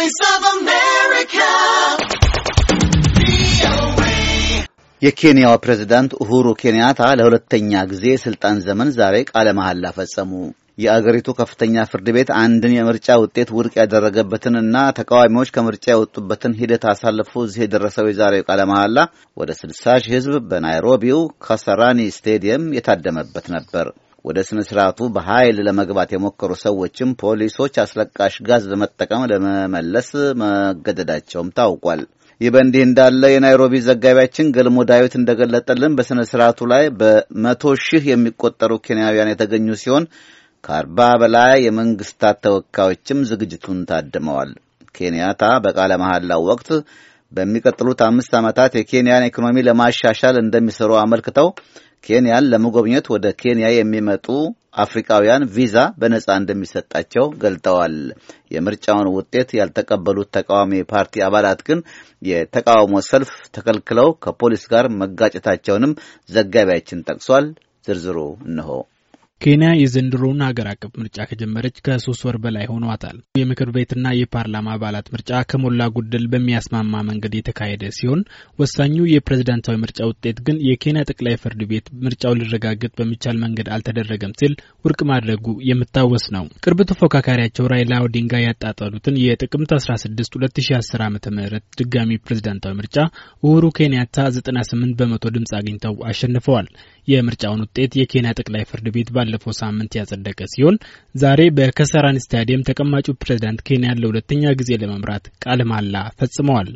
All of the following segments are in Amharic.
Voice of America. የኬንያው ፕሬዝዳንት ኡሁሩ ኬንያታ ለሁለተኛ ጊዜ የሥልጣን ዘመን ዛሬ ቃለ መሐላ ፈጸሙ። የአገሪቱ ከፍተኛ ፍርድ ቤት አንድን የምርጫ ውጤት ውድቅ ያደረገበትንና ተቃዋሚዎች ከምርጫ የወጡበትን ሂደት አሳልፎ እዚህ የደረሰው የዛሬው ቃለ መሐላ ወደ 60 ሺህ ህዝብ በናይሮቢው ከሰራኒ ስቴዲየም የታደመበት ነበር። ወደ ስነ ስርዓቱ በኃይል ለመግባት የሞከሩ ሰዎችም ፖሊሶች አስለቃሽ ጋዝ በመጠቀም ለመመለስ መገደዳቸውም ታውቋል። ይህ በእንዲህ እንዳለ የናይሮቢ ዘጋቢያችን ገልሞ ዳዊት እንደገለጠልን በሥነ ሥርዓቱ ላይ በመቶ ሺህ የሚቆጠሩ ኬንያውያን የተገኙ ሲሆን ከአርባ በላይ የመንግስታት ተወካዮችም ዝግጅቱን ታድመዋል። ኬንያታ በቃለ መሐላው ወቅት በሚቀጥሉት አምስት ዓመታት የኬንያን ኢኮኖሚ ለማሻሻል እንደሚሰሩ አመልክተው ኬንያን ለመጎብኘት ወደ ኬንያ የሚመጡ አፍሪካውያን ቪዛ በነጻ እንደሚሰጣቸው ገልጠዋል። የምርጫውን ውጤት ያልተቀበሉት ተቃዋሚ ፓርቲ አባላት ግን የተቃውሞ ሰልፍ ተከልክለው ከፖሊስ ጋር መጋጨታቸውንም ዘጋቢያችን ጠቅሷል። ዝርዝሩ እነሆ። ኬንያ የዘንድሮውን ሀገር አቀፍ ምርጫ ከጀመረች ከሶስት ወር በላይ ሆኗታል። የምክር ቤትና የፓርላማ አባላት ምርጫ ከሞላ ጎደል በሚያስማማ መንገድ የተካሄደ ሲሆን ወሳኙ የፕሬዝዳንታዊ ምርጫ ውጤት ግን የኬንያ ጠቅላይ ፍርድ ቤት ምርጫው ሊረጋገጥ በሚቻል መንገድ አልተደረገም ሲል ውድቅ ማድረጉ የሚታወስ ነው። ቅርብ ተፎካካሪያቸው ራይላ ኦዲንጋ ያጣጠሉትን የጥቅምት 16 2010 ዓ ም ድጋሚ ፕሬዝዳንታዊ ምርጫ ኡሁሩ ኬንያታ 98 በመቶ ድምፅ አግኝተው አሸንፈዋል። የምርጫውን ውጤት የኬንያ ጠቅላይ ፍርድ ቤት ባለ ባለፈው ሳምንት ያጸደቀ ሲሆን ዛሬ በከሰራን ስታዲየም ተቀማጩ ፕሬዚዳንት ኬንያን ለሁለተኛ ጊዜ ለመምራት ቃለ መሃላ ፈጽመዋል።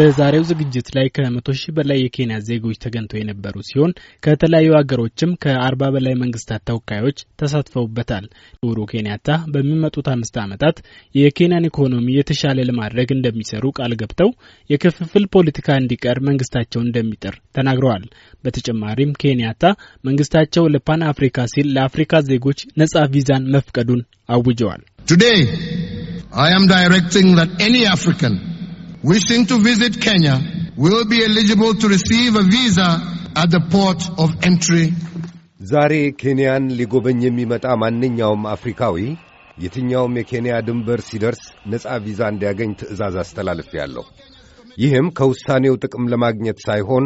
በዛሬው ዝግጅት ላይ ከመቶ ሺህ በላይ የኬንያ ዜጎች ተገኝተው የነበሩ ሲሆን ከተለያዩ ሀገሮችም ከአርባ በላይ መንግስታት ተወካዮች ተሳትፈውበታል። ኡሁሩ ኬንያታ በሚመጡት አምስት ዓመታት የኬንያን ኢኮኖሚ የተሻለ ለማድረግ እንደሚሰሩ ቃል ገብተው የክፍፍል ፖለቲካ እንዲቀር መንግስታቸውን እንደሚጥር ተናግረዋል። በተጨማሪም ኬንያታ መንግስታቸው ለፓን አፍሪካ ሲል ለአፍሪካ ዜጎች ነጻ ቪዛን መፍቀዱን አውጀዋል። ቱዴይ አይ አም ዳይሬክቲንግ that ኤኒ አፍሪካን wishing to visit Kenya will be eligible to receive a visa at the port of entry. ዛሬ ኬንያን ሊጎበኝ የሚመጣ ማንኛውም አፍሪካዊ የትኛውም የኬንያ ድንበር ሲደርስ ነፃ ቪዛ እንዲያገኝ ትዕዛዝ አስተላልፌአለሁ። ይህም ከውሳኔው ጥቅም ለማግኘት ሳይሆን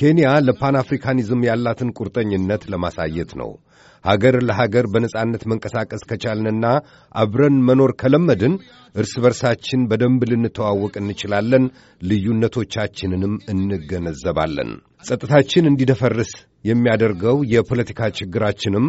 ኬንያ ለፓን አፍሪካኒዝም ያላትን ቁርጠኝነት ለማሳየት ነው። ሀገር ለሀገር በነጻነት መንቀሳቀስ ከቻልንና አብረን መኖር ከለመድን እርስ በርሳችን በደንብ ልንተዋወቅ እንችላለን፣ ልዩነቶቻችንንም እንገነዘባለን። ጸጥታችን እንዲደፈርስ የሚያደርገው የፖለቲካ ችግራችንም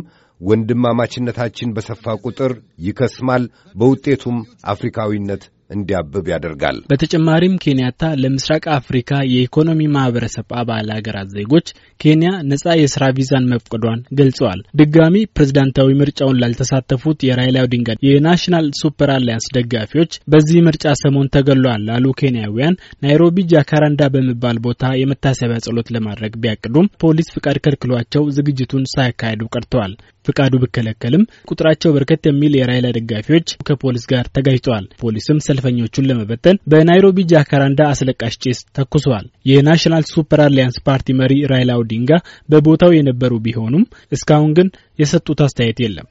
ወንድማማችነታችን በሰፋ ቁጥር ይከስማል። በውጤቱም አፍሪካዊነት እንዲያብብ ያደርጋል። በተጨማሪም ኬንያታ ለምስራቅ አፍሪካ የኢኮኖሚ ማህበረሰብ አባል ሀገራት ዜጎች ኬንያ ነጻ የስራ ቪዛን መፍቀዷን ገልጸዋል። ድጋሚ ፕሬዝዳንታዊ ምርጫውን ላልተሳተፉት የራይላ ኦዲንጋ የናሽናል ሱፐር አሊያንስ ደጋፊዎች በዚህ ምርጫ ሰሞን ተገሏል ላሉ ኬንያውያን ናይሮቢ ጃካራንዳ በሚባል ቦታ የመታሰቢያ ጸሎት ለማድረግ ቢያቅዱም ፖሊስ ፍቃድ ከልክሏቸው ዝግጅቱን ሳያካሄዱ ቀርተዋል። ፍቃዱ ቢከለከልም ቁጥራቸው በርከት የሚል የራይላ ደጋፊዎች ከፖሊስ ጋር ተጋጭተዋል። ፖሊስም ሰልፈኞቹን ለመበተን በናይሮቢ ጃካራንዳ አስለቃሽ ጭስ ተኩሰዋል። የናሽናል ሱፐር አሊያንስ ፓርቲ መሪ ራይላ ኦዲንጋ በቦታው የነበሩ ቢሆኑም እስካሁን ግን የሰጡት አስተያየት የለም።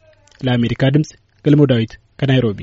ለአሜሪካ ድምጽ ገልሞ ዳዊት ከናይሮቢ